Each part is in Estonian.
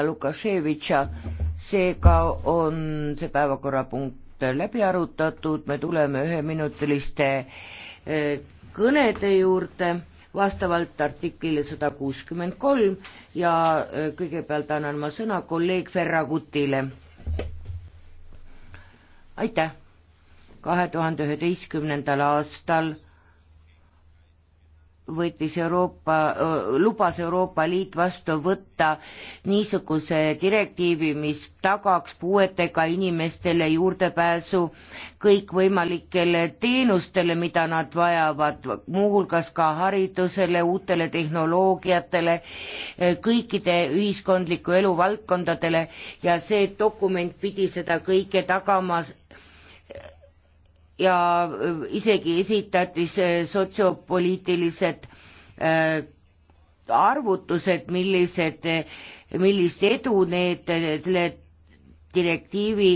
Lukaševitša, seega on see päevakorrapunkt läbi arutatud, me tuleme üheminutiliste eh, kõnede juurde vastavalt artiklile sada kuuskümmend kolm ja eh, kõigepealt annan ma sõna kolleeg Ferragutile. aitäh! kahe tuhande üheteistkümnendal aastal võttis Euroopa, lubas Euroopa Liit vastu võtta niisuguse direktiivi, mis tagaks puuetega inimestele juurdepääsu kõikvõimalikele teenustele, mida nad vajavad, muuhulgas ka haridusele, uutele tehnoloogiatele, kõikide ühiskondliku elu valdkondadele ja see dokument pidi seda kõike tagama ja äh, isegi esitati sotsiopoliitilised äh, arvutused, millised, äh, millist edu need, selle direktiivi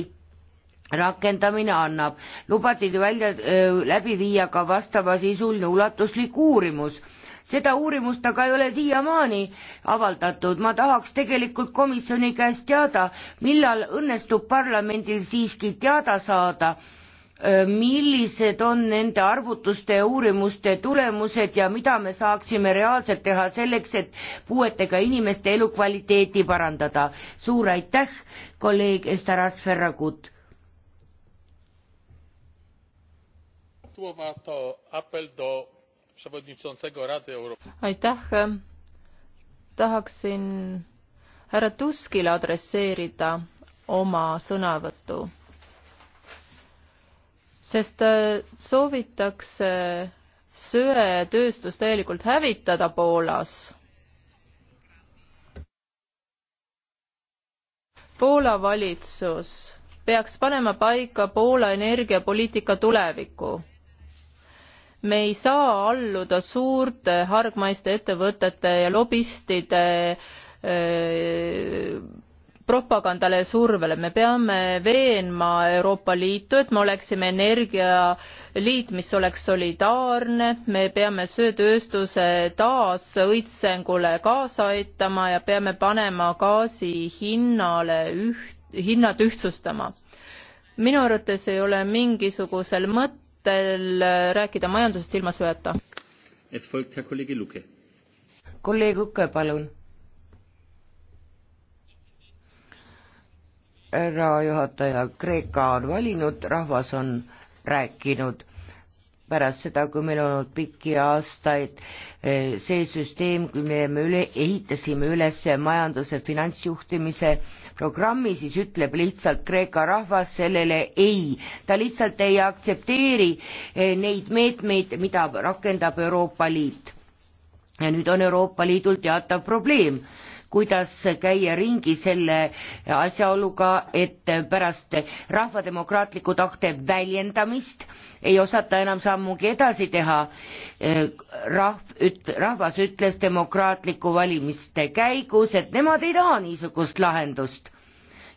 rakendamine annab. lubati välja, läbi viia ka vastavasisuline ulatuslik uurimus seda uurimust aga ei ole siiamaani avaldatud, ma tahaks tegelikult komisjoni käest teada, millal õnnestub parlamendil siiski teada saada äh, millised on nende arvutuste ja uurimuste tulemused ja mida me saaksime reaalselt teha selleks, et puuetega inimeste elukvaliteeti parandada. suur aitäh, kolleeg Estaras Ferragut. aitäh, tahaksin härra Tuskile adresseerida oma sõnavõtu sest äh, soovitakse söetööstus täielikult hävitada Poolas. Poola valitsus peaks panema paika Poola energiapoliitika tuleviku. me ei saa alluda suurte hargmaiste ettevõtete ja lobistide öö, äh, propagandale ja survele, me peame veenma Euroopa Liitu, et me oleksime energialiit, mis oleks solidaarne, me peame söetööstuse taas õitsengule kaasa aitama ja peame panema gaasi hinnale üht, hinnad ühtsustama. minu arvates ei ole mingisugusel mõttel rääkida majandusest ilma söeta. kolleeg Uke, palun härra juhataja, Kreeka on valinud, rahvas on rääkinud. pärast seda, kui meil on olnud pikki aastaid eh, see süsteem, kui me üle, ehitasime üles majanduse finantsjuhtimise programmi, siis ütleb lihtsalt Kreeka rahvas sellele ei. ta lihtsalt ei aktsepteeri eh, neid meetmeid, mida rakendab Euroopa Liit. ja nüüd on Euroopa Liidul teatav probleem kuidas käia ringi selle asjaoluga, et pärast rahva demokraatliku tahte väljendamist ei osata enam sammugi edasi teha. rahv, üt-, rahvas ütles demokraatliku valimiste käigus, et nemad ei taha niisugust lahendust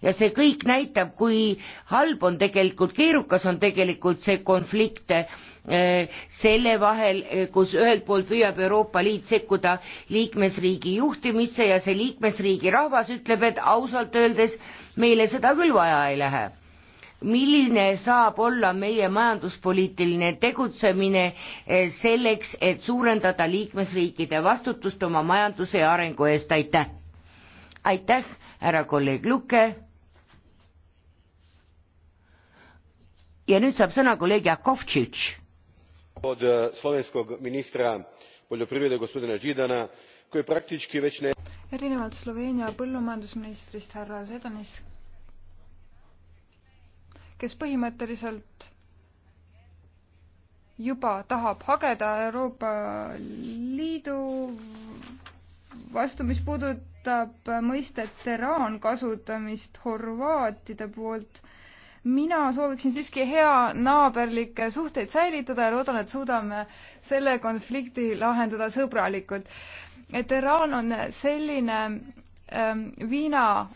ja see kõik näitab, kui halb on tegelikult, keerukas on tegelikult see konflikt selle vahel, kus ühelt poolt püüab Euroopa Liit sekkuda liikmesriigi juhtimisse ja see liikmesriigi rahvas ütleb, et ausalt öeldes meile seda küll vaja ei lähe. milline saab olla meie majanduspoliitiline tegutsemine eh, selleks, et suurendada liikmesriikide vastutust oma majanduse ja arengu eest, aitäh! aitäh, härra kolleeg Luke! ja nüüd saab sõna kolleeg Jakovtšitš od eh, slovenskog ministra poljoprivrede gospodina židana koji praktički već. erinevalt sloveenia põllumajandusministrist härra sedanist kes põhimõtteliselt juba tahab hageda euroopa liidu vastu mis puudutab mõistet teraan kasutamist horvaatide poolt mina sooviksin siiski hea naaberlikke suhteid säilitada ja loodan, et suudame selle konflikti lahendada sõbralikult. Teraan on selline ähm, viina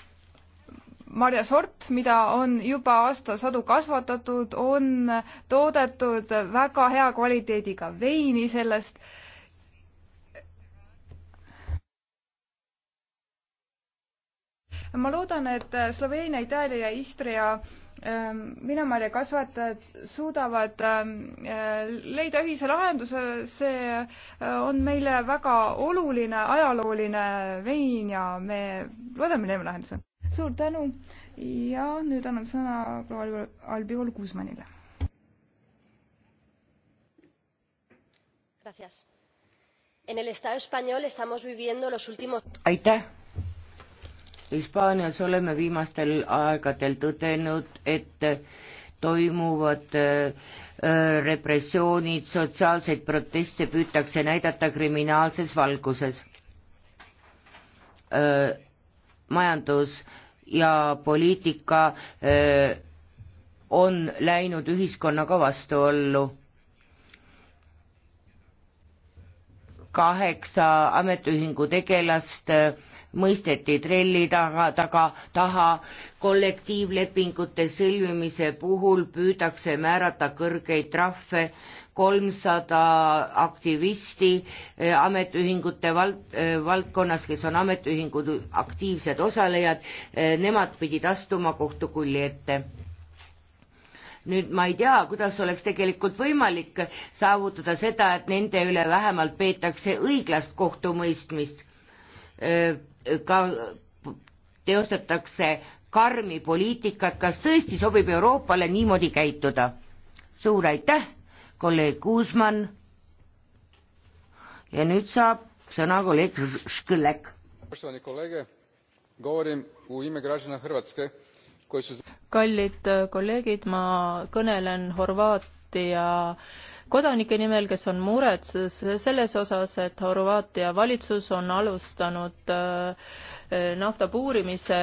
marjasort, mida on juba aastasadu kasvatatud, on toodetud väga hea kvaliteediga veini sellest äh, ma loodan, et Sloveenia, Itaalia, Istria ähm, Minemarja kasvatajad suudavad ähm, äh, leida ühise lahenduse, see äh, on meile väga oluline ajalooline vein ja me loodame, leiame lahenduse. suur tänu ja nüüd annan sõna proua Albiol Guzmanile. aitäh Hispaanias oleme viimastel aegadel tõdenud, et äh, toimuvad äh, äh, repressioonid, sotsiaalseid proteste püütakse näidata kriminaalses valguses. majandus ja poliitika on läinud ühiskonnaga vastuollu. kaheksa ametiühingu tegelast mõisteti trelli taga, taga, taha. kollektiivlepingute sõlmimise puhul püüdakse määrata kõrgeid trahve, kolmsada aktivisti eh, ametiühingute vald, eh, valdkonnas, kes on ametiühingud aktiivsed osalejad, eh, nemad pidid astuma kohtukulli ette nüüd ma ei tea, kuidas oleks tegelikult võimalik saavutada seda, et nende üle vähemalt peetakse õiglast kohtumõistmist ka teostatakse karmi poliitikat, kas tõesti sobib Euroopale niimoodi käituda? suur aitäh, kolleeg Kuusmann. ja nüüd saab sõna kolleeg Škõlek. kallid kolleegid, ma kõnelen Horvaatia kodanike nimel, kes on muretses selles osas, et Horvaatia valitsus on alustanud äh, nafta puurimise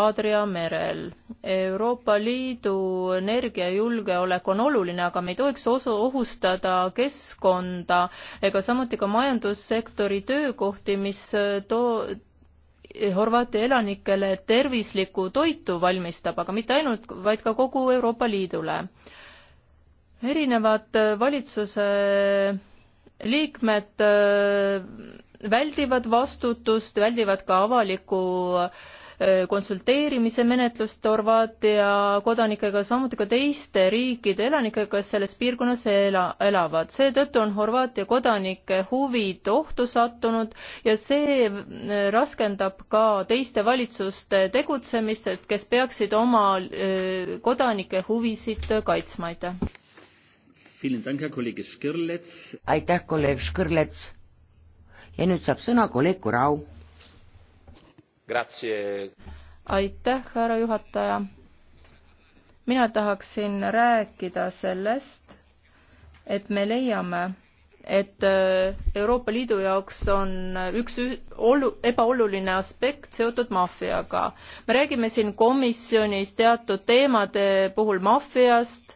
Aadria merel. Euroopa Liidu energiajulgeolek on oluline, aga me ei tohiks osu-, ohustada keskkonda ega samuti ka majandussektori töökohti, mis äh, too-, Horvaatia elanikele tervislikku toitu valmistab, aga mitte ainult, vaid ka kogu Euroopa Liidule erinevad äh, valitsuse äh, liikmed äh, väldivad vastutust, väldivad ka avalikku konsulteerimise menetlust Horvaatia kodanikega, samuti ka teiste riikide elanikega, kes selles piirkonnas ela, elavad. seetõttu on Horvaatia kodanike huvid ohtu sattunud ja see raskendab ka teiste valitsuste tegutsemist, et kes peaksid oma kodanike huvisid kaitsma, aitäh aitäh, kolleeg Škõrlets. ja nüüd saab sõna kolleeg Kurau. aitäh, härra juhataja. mina tahaksin rääkida sellest, et me leiame, et äh, Euroopa Liidu jaoks on üks olu-, ebaoluline aspekt seotud maffiaga. me räägime siin komisjonis teatud teemade puhul maffiast,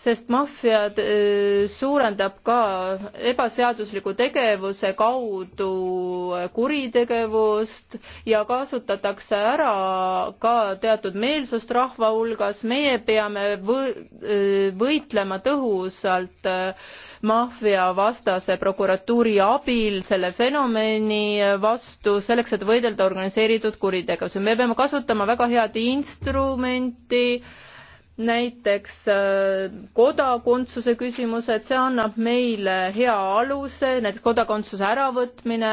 sest maffia äh, suurendab ka ebaseadusliku tegevuse kaudu kuritegevust ja kasutatakse ära ka teatud meelsust rahva hulgas. meie peame äh, võitlema tõhusalt äh, maffiavastase prokuratuuri abil selle fenomeni vastu, selleks et võidelda organiseeritud kuritegevuse. me peame kasutama väga head instrumenti näiteks äh, kodakondsuse küsimused, see annab meile hea aluse, näiteks kodakondsuse äravõtmine,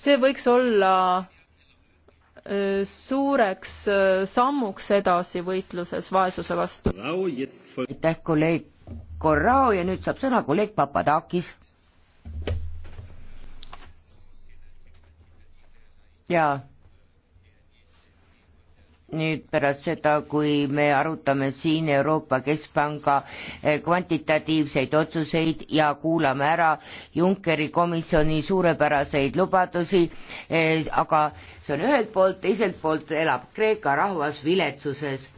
see võiks olla äh, suureks äh, sammuks edasi võitluses vaesuse vastu. aitäh, kolleeg Korrao ja nüüd saab sõna kolleeg Papadakis. jaa nüüd pärast seda, kui me arutame siin Euroopa Keskpanga eh, kvantitatiivseid otsuseid ja kuulame ära Junckeri komisjoni suurepäraseid lubadusi, eh, aga see on ühelt poolt, teiselt poolt elab Kreeka rahvas viletsuses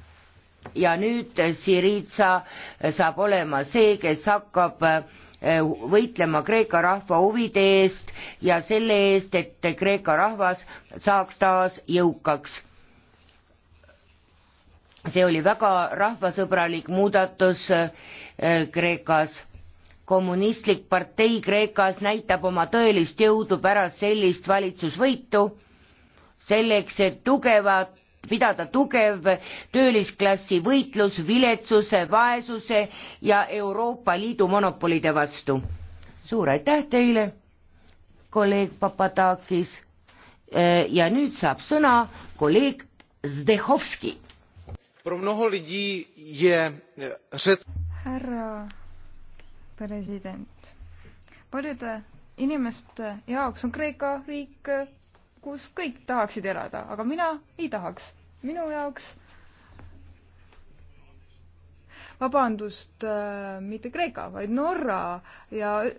ja nüüd Siriitsa saab olema see, kes hakkab eh, võitlema Kreeka rahva huvide eest ja selle eest, et Kreeka rahvas saaks taas jõukaks see oli väga rahvasõbralik muudatus äh, Kreekas. kommunistlik partei Kreekas näitab oma tõelist jõudu pärast sellist valitsusvõitu, selleks et tugevat, pidada tugev töölisklassi võitlus viletsuse, vaesuse ja Euroopa Liidu monopolide vastu. suur aitäh teile, kolleeg Papadakis. Äh, ja nüüd saab sõna kolleeg Zdehovski pro mnoho lidí je e, Řecko härra president, paljude inimeste jaoks on Kreeka riik, kus kõik tahaksid elada, aga mina ei tahaks. minu jaoks, vabandust äh,, mitte Kreeka, vaid Norra ja äh,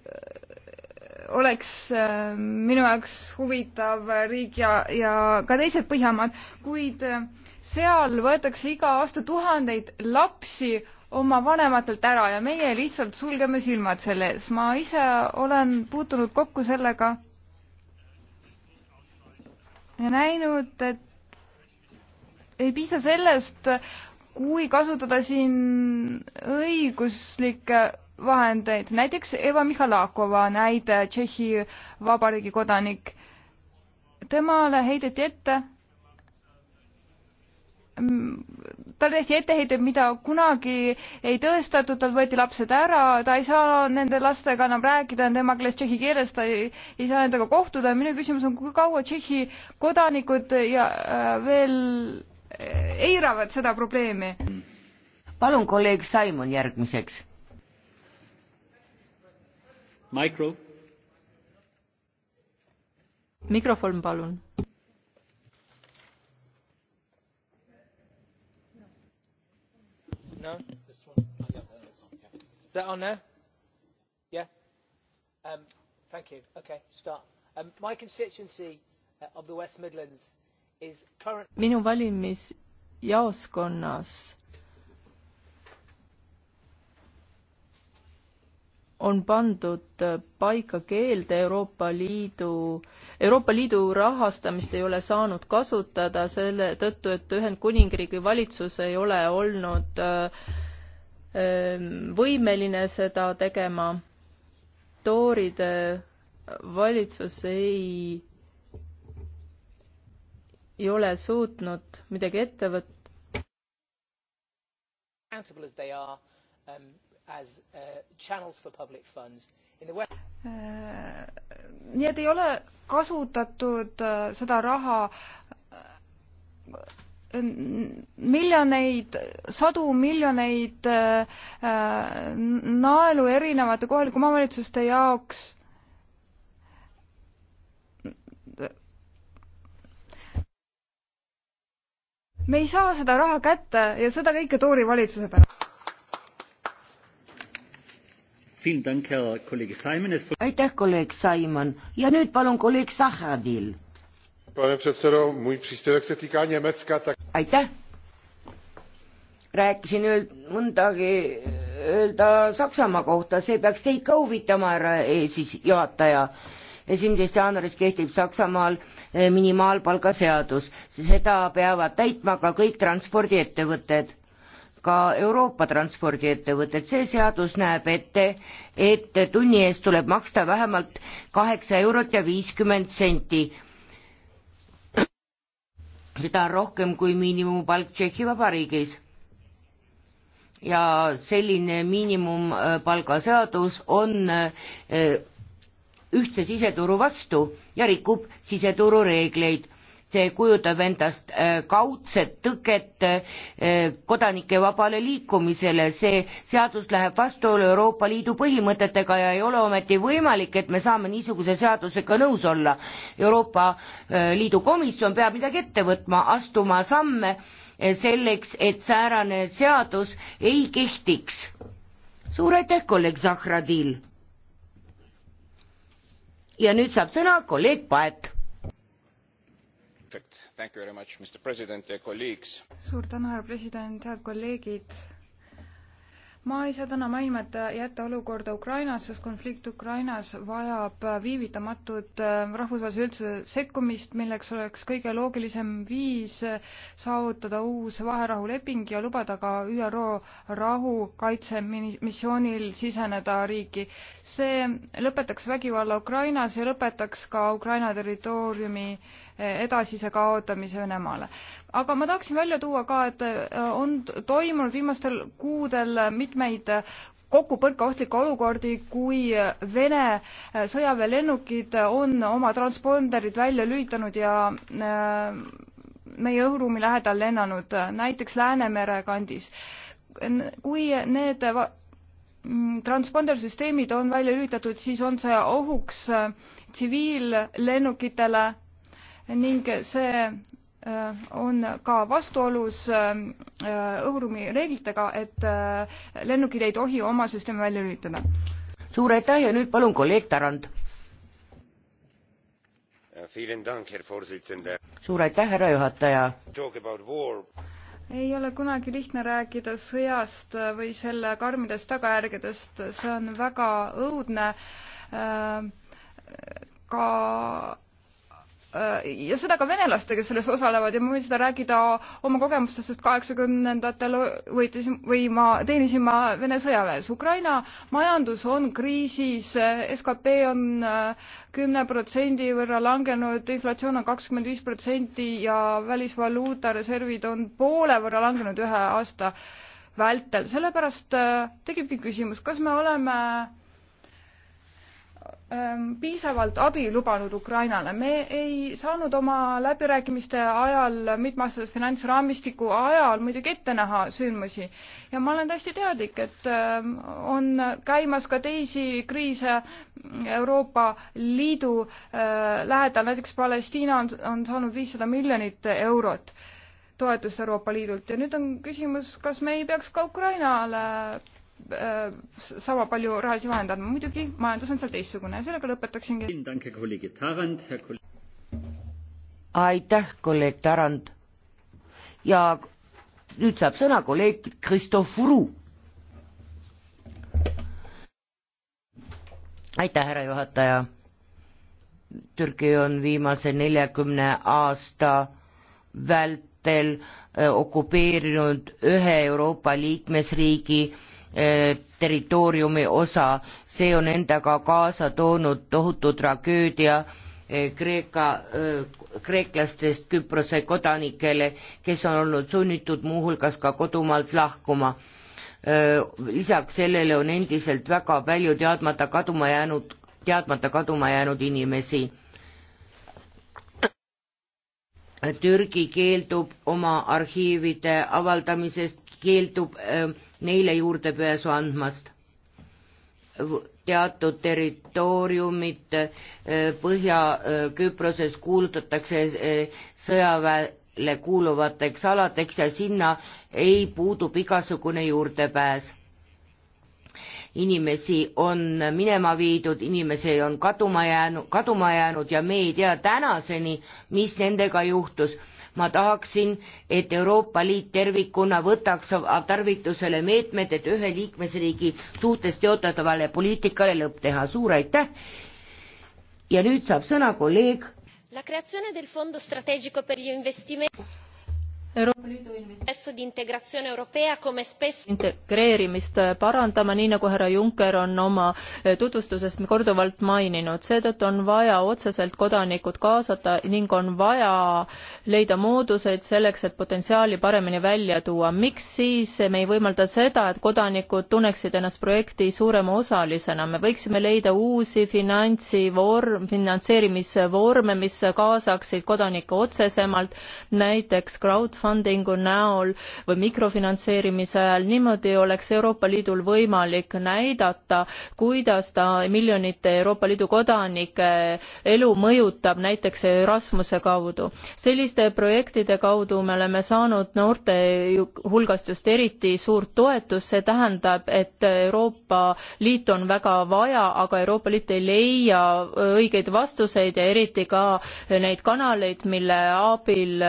oleks äh, minu jaoks huvitav riik ja, ja ka teised Põhjamaad, kuid äh, seal võetakse iga aasta tuhandeid lapsi oma vanematelt ära ja meie lihtsalt sulgeme silmad selle ees. ma ise olen puutunud kokku sellega ja näinud, et ei piisa sellest, kui kasutada siin õiguslikke vahendeid, näiteks Eva Mihhalakova näide, Tšehhi Vabariigi kodanik. temale heideti ette talle tehti etteheiteid, mida kunagi ei tõestatud, tal võeti lapsed ära, ta ei saa nende lastega enam rääkida, temaga alles tšehhi keeles, ta ei, ei saa nendega kohtuda ja minu küsimus on, kui kaua Tšehhi kodanikud ja äh, veel äh, eiravad seda probleemi? palun, kolleeg Simon järgmiseks. mikro. mikrofon, palun No? This one? Oh, yeah, that's on, yeah. Is that on now? Yeah? Um, thank you. Okay, start. Um, my constituency uh, of the West Midlands is current... minu valimisjaoskonnas on pandud paika keeld Euroopa Liidu, Euroopa Liidu rahastamist ei ole saanud kasutada selle tõttu, et Ühendkuningriigi valitsus ei ole olnud võimeline seda tegema. Tooride valitsus ei, ei ole suutnud midagi ette võtta as uh, channels for public funds in the West äh, nii et ei ole kasutatud äh, seda raha äh, miljoneid, sadu miljoneid naelu erinevate kohalike omavalitsuste jaoks. me ei saa seda raha kätte ja seda kõike Toori valitsuse pärast aitäh, kolleeg Simon ja nüüd palun kolleeg Zahradil. aitäh. rääkisin öeld-, mõndagi öelda Saksamaa kohta, see peaks teid ka huvitama, härra eesis-, juhataja esimesest jaanuarist kehtib Saksamaal eh, minimaalpalgaseadus, seda peavad täitma ka kõik transpordiettevõtted ka Euroopa transpordiettevõtted. see seadus näeb ette, et tunni eest tuleb maksta vähemalt kaheksa eurot ja viiskümmend senti. seda on rohkem kui miinimumpalk Tšehhi Vabariigis. ja selline miinimumpalgaseadus on eh, ühtse siseturu vastu ja rikub siseturu reegleid see kujutab endast äh, kaudset tõket äh, kodanike vabale liikumisele, see seadus läheb vastuollu Euroopa Liidu põhimõtetega ja ei ole ometi võimalik, et me saame niisuguse seadusega nõus olla. Euroopa äh, Liidu komisjon peab midagi ette võtma, astuma samme selleks, et säärane seadus ei kehtiks. suur aitäh, kolleeg Zahradil! ja nüüd saab sõna kolleeg Paet suur tänu härra president head kolleegid! ma ei saa täna mainimata jätta olukorda Ukrainas, sest konflikt Ukrainas vajab viivitamatut äh, rahvusvahelise üldsuse sekkumist, milleks oleks kõige loogilisem viis saavutada uus vaherahuleping ja lubada ka ÜRO rahukaitsemissioonil siseneda riiki. see lõpetaks vägivalla Ukrainas ja lõpetaks ka Ukraina territooriumi äh, edasise kaotamise Venemaale aga ma tahaksin välja tuua ka, et äh, on toimunud viimastel kuudel mitmeid kokkupõrke ohtlikke olukordi, kui Vene äh, sõjaväelennukid on oma transponderid välja lülitanud ja äh, meie õhuruumi lähedal lennanud, näiteks Läänemere kandis. kui need mm, transpondersüsteemid on välja lülitatud, siis on see ohuks tsiviillennukitele ning see Äh, on ka vastuolus äh, äh, õhuruumi reeglitega, et lennukid ei tohi oma süsteemi välja lülitada. suur aitäh ja nüüd palun kolleeg Tarand. suur aitäh, härra juhataja. ei ole kunagi lihtne rääkida sõjast või selle karmidest tagajärgedest, see on väga õudne ka Äh, ja seda ka venelastega, selles osalevad ja ma võin seda rääkida oma kogemustest, sest kaheksakümnendatel võitlesin või ma teenisin ma Vene sõjaväes. Ukraina majandus on kriisis, skp on äh, kümne protsendi võrra langenud, inflatsioon on kakskümmend viis protsenti ja välisvaluuta reservid on poole võrra langenud ühe aasta vältel. sellepärast äh, tekibki küsimus, kas me oleme Ähm, piisavalt abi lubanud Ukrainale. me ei saanud oma läbirääkimiste ajal, mitmeaastase finantsraamistiku ajal muidugi ette näha sündmusi ja ma olen täiesti teadlik, et ähm, on käimas ka teisi kriise Euroopa Liidu äh, lähedal, näiteks Palestiina on, on saanud viissada miljonit eurot toetust Euroopa Liidult ja nüüd on küsimus, kas me ei peaks ka Ukrainale sama palju rahalisi vahendeid andma. muidugi majandus on seal teistsugune ja sellega lõpetaksingi. aitäh, kolleeg Tarand. ja nüüd saab sõna kolleeg Kristo Furu. aitäh, härra juhataja. Türgi on viimase neljakümne aasta vältel eh, okupeerinud ühe Euroopa liikmesriigi Eh, territooriumi osa, see on endaga kaasa toonud tohutu tragöödia eh, Kreeka, eh, kreeklastest Küprose kodanikele, kes on olnud sunnitud muuhulgas ka kodumaalt lahkuma. lisaks sellele on endiselt väga palju teadmata kaduma jäänud, teadmata kaduma jäänud inimesi. Türgi keeldub oma arhiivide avaldamisest keeldub äh, neile juurdepääsu andmast. teatud territooriumid äh, Põhja-Küproses äh, kuulutatakse sõjaväele kuuluvateks aladeks ja sinna ei puudub igasugune juurdepääs inimesi on minema viidud, inimesi on kaduma jäänud, kaduma jäänud ja me ei tea tänaseni, mis nendega juhtus ma tahaksin, et Euroopa Liit tervikuna võtaks tarvitusele meetmed, et ühe liikmesriigi suhtes teotatavale poliitikale lõpp teha. suur aitäh! ja nüüd saab sõna kolleeg. La creazione del fondo strategico per gli investimenti integreerimist eh, parandama nii nagu härra juncker on oma eh, tutvustuses korduvalt maininud seetõttu on vaja otseselt kodanikud kaasata ning on vaja leida mooduseid selleks et potentsiaali paremini välja tuua miks siis me ei võimalda seda et kodanikud tunneksid ennast projekti suurema osalisena me võiksime leida uusi finantsivorm finantseerimisvorme mis kaasaksid kodanikke otsesemalt näiteks crowdfundingu näol või mikrofinantseerimise ajal, niimoodi oleks Euroopa Liidul võimalik näidata, kuidas ta miljonite Euroopa Liidu kodanike elu mõjutab näiteks Erasmuse kaudu. selliste projektide kaudu me oleme saanud noorte hulgast just eriti suurt toetust, see tähendab, et Euroopa Liit on väga vaja, aga Euroopa Liit ei leia õigeid vastuseid ja eriti ka neid kanaleid, mille abil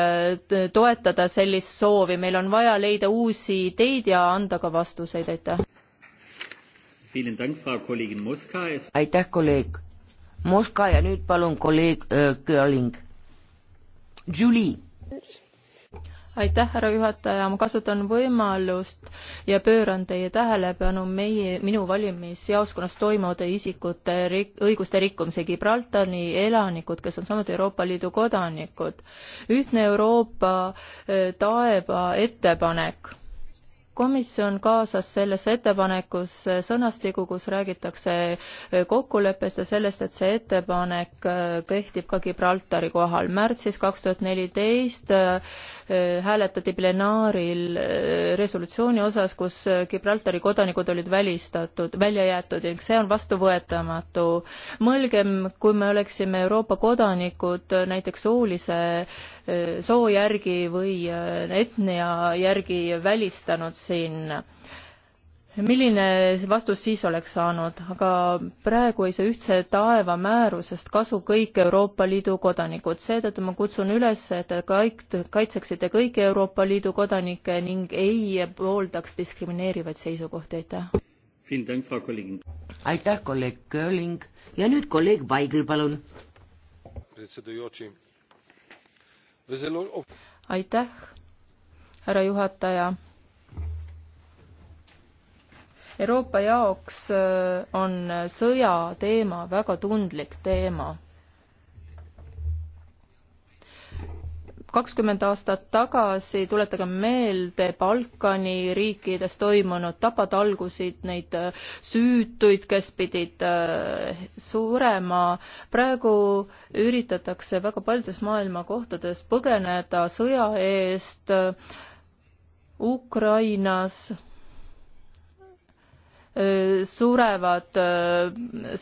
toetada sellist soo soovi, meil on vaja leida uusi ideid ja anda ka vastuseid, aitäh. aitäh, kolleeg Moska ja nüüd palun kolleeg äh, Kööling. Julie aitäh, härra juhataja, ma kasutan võimalust ja pööran teie tähelepanu meie, minu valimisjaoskonnas toimuvate isikute rik-, õiguste rikkumise Gibraltari elanikud, kes on samuti Euroopa Liidu kodanikud. ühtne Euroopa eh, taeva ettepanek komisjon kaasas sellesse ettepanekusse sõnastiku, kus räägitakse eh, kokkuleppest ja sellest, et see ettepanek eh, kehtib ka Gibraltari kohal. märtsis kaks tuhat neliteist Äh, hääletati plenaaril äh, resolutsiooni osas, kus äh, Gibraltari kodanikud olid välistatud, välja jäetud ja see on vastuvõetamatu. mõelgem, kui me oleksime Euroopa kodanikud näiteks soolise, soo järgi või etnia järgi välistanud siin milline vastus siis oleks saanud, aga praegu ei saa ühtse taeva määrusest kasu kõik Euroopa Liidu kodanikud, seetõttu ma kutsun üles, et te kõik kaitseksite kõiki Euroopa Liidu kodanikke ning ei pooldaks diskrimineerivaid seisukohti, aitäh. aitäh, kolleeg Kööling ja nüüd kolleeg Vaigel, palun. aitäh, härra juhataja Euroopa jaoks äh, on sõja teema väga tundlik teema kakskümmend aastat tagasi, tuletagem meelde, Balkani riikides toimunud tapatalgusid, neid äh, süütuid, kes pidid äh, surema. praegu üritatakse väga paljudes maailma kohtades põgeneda sõja eest Ukrainas surevad äh,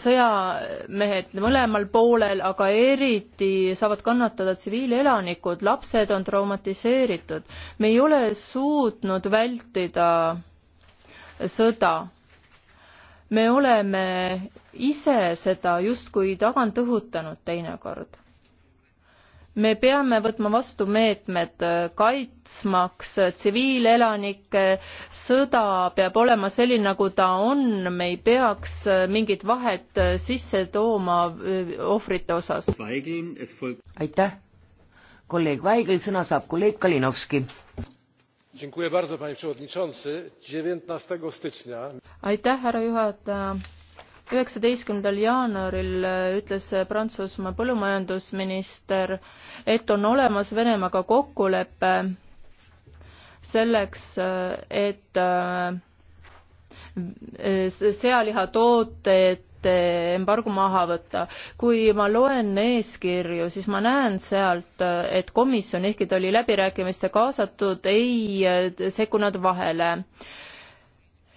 sõjamehed mõlemal poolel, aga eriti saavad kannatada tsiviilelanikud, lapsed on traumatiseeritud. me ei ole suutnud vältida sõda. me oleme ise seda justkui tagant õhutanud teinekord me peame võtma vastu meetmed äh, kaitsmaks äh, tsiviilelanikke, sõda peab olema selline, nagu ta on, me ei peaks äh, mingit vahet sisse tooma ohvrite osas. aitäh, kolleeg Vaigel, sõna saab kolleeg Kalinovski. aitäh, härra juhataja üheksateistkümnendal jaanuaril äh, ütles äh, Prantsusmaa põllumajandusminister, et on olemas Venemaaga kokkulepe selleks, äh, et sealihatooted embargo maha võtta. kui ma loen eeskirju, siis ma näen sealt, et komisjon, ehkki ta oli läbirääkimiste kaasatud, ei sekkunud vahele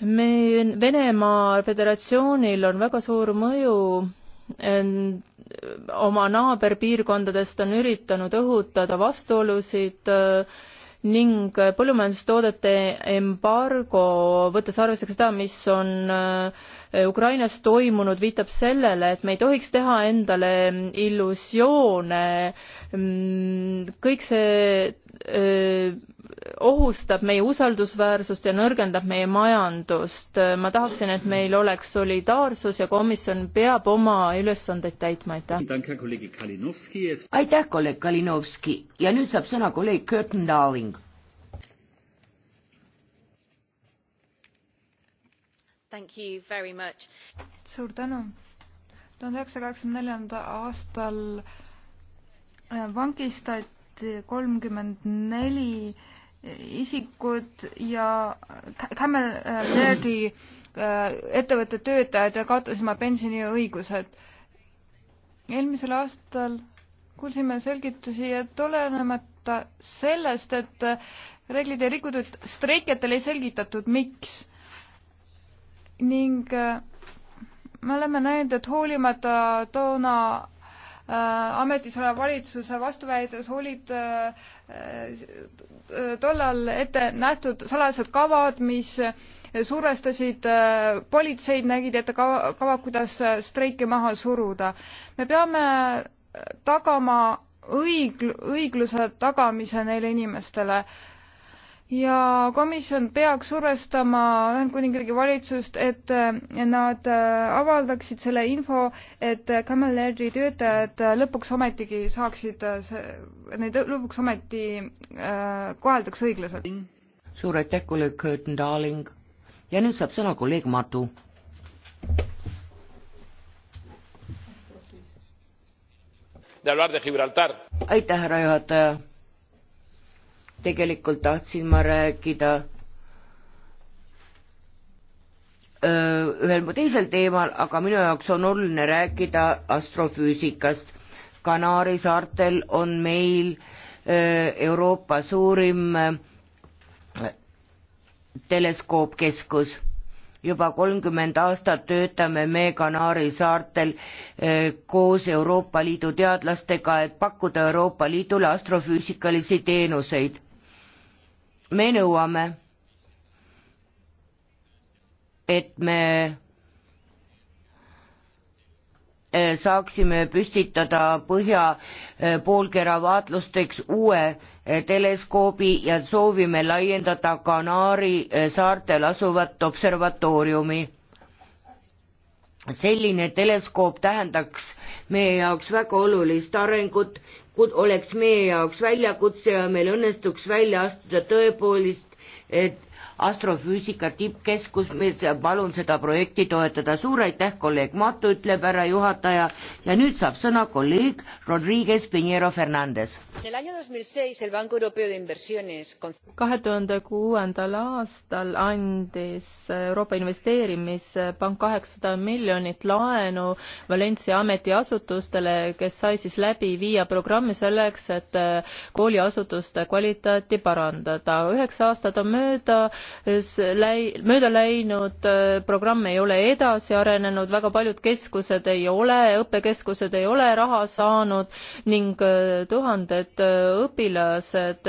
meil Venemaa Föderatsioonil on väga suur mõju oma naaberpiirkondadest on üritanud õhutada vastuolusid ning põllumajandustoodete embargo, võttes arvesse ka seda, mis on äh, Äh, Ukrainas toimunud viitab sellele, et me ei tohiks teha endale illusioone. Mm, kõik see äh, ohustab meie usaldusväärsust ja nõrgendab meie majandust. Äh, ma tahaksin, et meil oleks solidaarsus ja komisjon peab oma ülesandeid täitma, aitäh. aitäh, kolleeg Kalinovski ja nüüd saab sõna kolleeg Curtin Darling suur tänu. tuhande üheksasaja kaheksakümne neljanda aastal äh, vangistati kolmkümmend neli äh, isikud ja Camel äh, Verdi ettevõtte töötajad ja kaotasid oma pensioniõigused. eelmisel aastal kuulsime selgitusi, et olenemata sellest, et reegleid ei rikutud, streikijatele ei selgitatud, miks ning äh, me oleme näinud, et hoolimata toona äh, ametis oleva valitsuse vastuväides olid äh, tollal ette nähtud salajased kavad, mis survestasid politseid, nägid ette kava, kava, kuidas streiki maha suruda. me peame tagama õig-, õigluse tagamise neile inimestele ja komisjon peaks survestama Ühendkuningriigi valitsust, et nad äh, avaldaksid selle info, et Camel Airi töötajad lõpuks ometigi saaksid, äh, neid lõpuks ometi äh, koheldaks õiglaselt. suur aitäh, kolleeg Curtin Darling. ja nüüd saab sõna kolleeg Madu. aitäh, härra juhataja tegelikult tahtsin ma rääkida ühel mu teisel teemal, aga minu jaoks on oluline rääkida astrofüüsikast. Kanaari saartel on meil Euroopa suurim teleskoopkeskus. juba kolmkümmend aastat töötame me Kanaari saartel koos Euroopa Liidu teadlastega, et pakkuda Euroopa Liidule astrofüüsikalisi teenuseid me nõuame, et me eh, saaksime püstitada põhja eh, poolkera vaatlusteks uue eh, teleskoobi ja soovime laiendada Kanaari saartel asuvat observatooriumi selline teleskoop tähendaks meie jaoks väga olulist arengut, oleks meie jaoks väljakutse ja meil õnnestuks välja astuda tõepoolist astrofüüsika tippkeskus, palun seda projekti toetada, suur aitäh, kolleeg Matu, ütleb härra juhataja ja nüüd saab sõna kolleeg Rodriguez Pinheiro Fernandez. kahe tuhande kuuendal aastal andis Euroopa Investeerimispank kaheksasada miljonit laenu Valencia ametiasutustele, kes sai siis läbi viia programmi selleks, et kooliasutuste kvaliteeti parandada. üheksa aastat on mööda läi-, mööda läinud, äh, programm ei ole edasi arenenud, väga paljud keskused ei ole, õppekeskused ei ole raha saanud ning äh, tuhanded äh, õpilased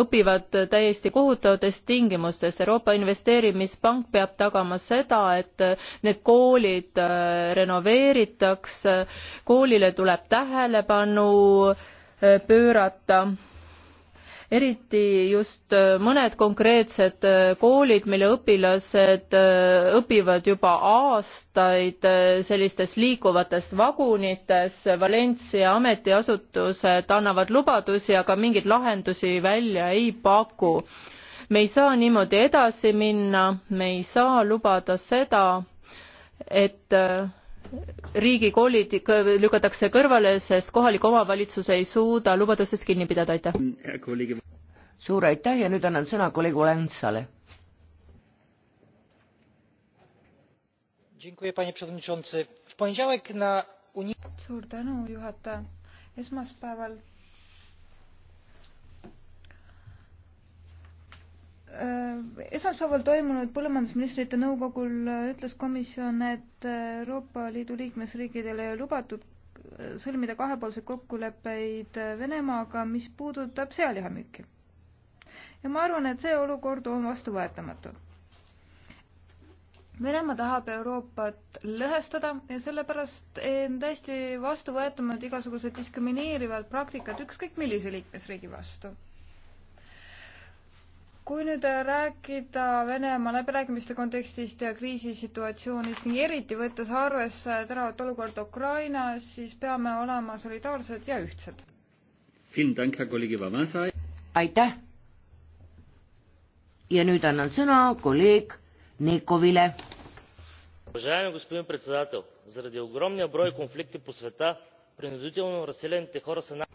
õpivad täiesti kohutavates tingimustes. Euroopa Investeerimispank peab tagama seda, et need koolid renoveeritakse, koolile tuleb tähelepanu pöörata eriti just äh, mõned konkreetsed äh, koolid, mille õpilased äh, õpivad juba aastaid sellistes liikuvates vagunites, Valencia ametiasutused annavad lubadusi, aga mingeid lahendusi välja ei paku. me ei saa niimoodi edasi minna, me ei saa lubada seda, et riigikoolid lükatakse kõrvale, sest kohalik omavalitsus ei suuda lubadustest kinni pidada, aitäh. suur aitäh ja nüüd annan sõna kolleeg Olentsale. suur tänu, juhataja. esmaspäeval esmaspäeval toimunud põllumajandusministrite nõukogul ütles komisjon, et Euroopa Liidu liikmesriikidel ei ole lubatud äh, sõlmida kahepoolseid kokkuleppeid Venemaaga, mis puudutab sealihamüüki. ja ma arvan, et see olukord on vastuvõetamatu. Venemaa tahab Euroopat lõhestada ja sellepärast on täiesti vastuvõetamatu igasugused diskrimineerivad praktikad ükskõik millise liikmesriigi vastu kui nüüd rääkida Venemaa läbirääkimiste kontekstist ja kriisisituatsioonist ning eriti võttes arvesse teravat olukorda Ukrainas, siis peame olema solidaarsed ja ühtsed. aitäh. ja nüüd annan sõna kolleeg Nikovile. Уважаеми господин председател, заради огромния брой конфликти по света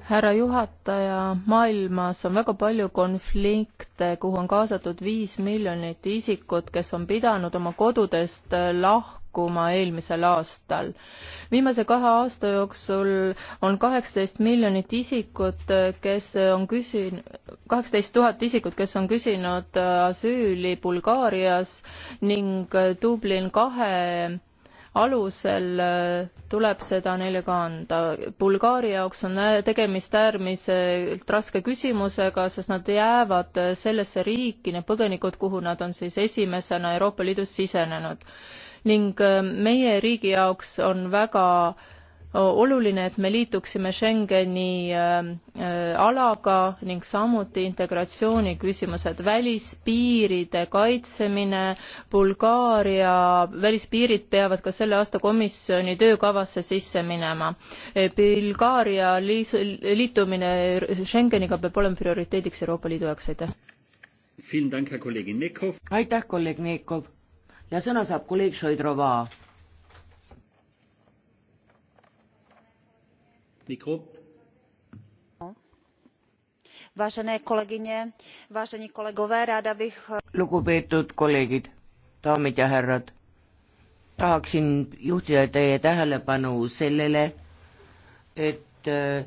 härra juhataja, maailmas on väga palju konflikte, kuhu on kaasatud viis miljonit isikut, kes on pidanud oma kodudest äh, lahkuma eelmisel aastal. viimase kahe aasta jooksul on kaheksateist miljonit isikut, äh, kes on küsin-, kaheksateist tuhat isikut, kes on küsinud äh, asüüli Bulgaarias ning Dublin kahe alusel äh, tuleb seda neile ka anda. Bulgaaria jaoks on äh, tegemist äärmiselt raske küsimusega, sest nad jäävad äh, sellesse riiki, need põgenikud, kuhu nad on siis esimesena Euroopa Liidus sisenenud. ning meie riigi jaoks on väga äh, oluline, et me liituksime Schengeni ähm, äh, alaga ning samuti integratsiooni küsimused, välispiiride kaitsemine, Bulgaaria välispiirid peavad ka selle aasta komisjoni töökavasse sisse minema. Äh, Bulgaaria liis-, liitumine Schengeniga peab olema prioriteediks Euroopa Liidu jaoks, aitäh! aitäh, kolleeg Neikov! ja sõna saab kolleeg Šoidrova Mikro. Vážené kolegyně, vážení kolegové, ráda bych... Eh, Lugupeetud kolleegid, daamid ja härrad, tahaksin juhtida teie tähelepanu sellele, et eh,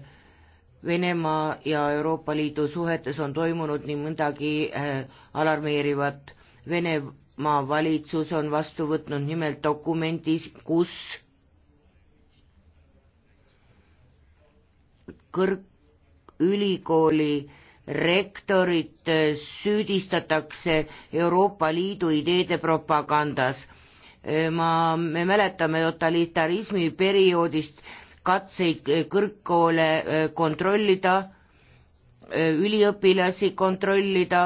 Venemaa ja Euroopa Liidu suhetes on toimunud nii mõndagi eh, alarmeerivat. Venemaa valitsus on vastu võtnud nimelt dokumendis, kus kõrgülikooli rektorit süüdistatakse Euroopa Liidu ideede propagandas. ma, me mäletame totalitarismi perioodist katseid kõrgkoole e, kontrollida, e, üliõpilasi kontrollida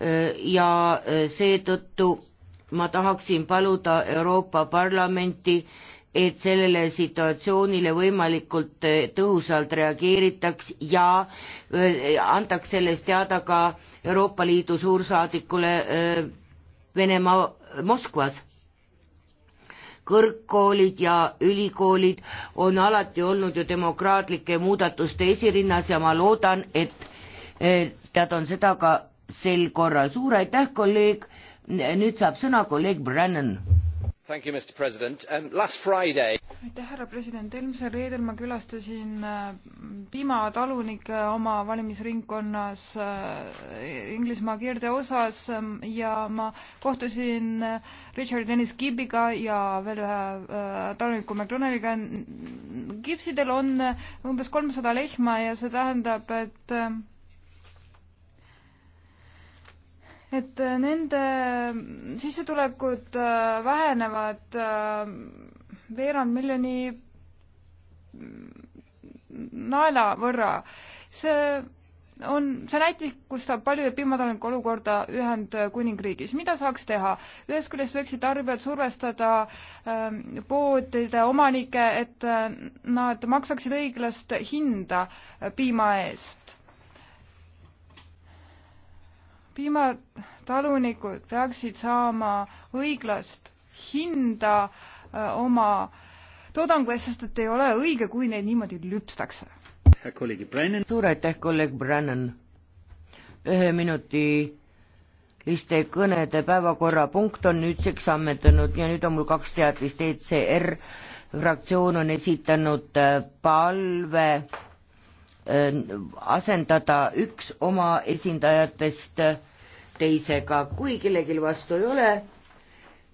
e, ja seetõttu ma tahaksin paluda Euroopa Parlamenti et sellele situatsioonile võimalikult eh, tõhusalt reageeritaks ja eh, antaks sellest teada ka Euroopa Liidu suursaadikule eh, Venemaa Moskvas. kõrgkoolid ja ülikoolid on alati olnud ju demokraatlike muudatuste esirinnas ja ma loodan, et nad on seda ka sel korral. suur aitäh, kolleeg, nüüd saab sõna kolleeg Brennan Um, härra president eelmisel reedel ma külastasin äh, piimatalunikke äh, oma valimisringkonnas äh, inglismaa kirdeosas ähm, ja ma kohtusin richard dennis gibbiga ja veel ühe taluniku mcdonaldiga gibsidel on umbes kolmsada lehma ja see tähendab et et äh, nende äh, sissetulekud äh, vähenevad veerand miljoni mm, naela võrra. see on, see näitlikustab paljude piimatoimeku olukorda Ühendkuningriigis. mida saaks teha? ühest küljest võiksid tarbijad survestada ähm, poodide omanikke, et nad maksaksid õiglast hinda piima eest piimatalunikud peaksid saama õiglast hinda äh, oma toodangu eest, sest et ei ole õige, kui neid niimoodi lüpstakse. suur aitäh, kolleeg Brennan. ühe minuti liste kõnede päevakorrapunkt on nüüdseks ammendunud ja nüüd on mul kaks teadlist, ECR fraktsioon on esitanud äh, palve Äh, asendada üks oma esindajatest teisega, kui kellelgi vastu ei ole,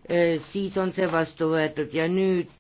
äh, siis on see vastu võetud ja nüüd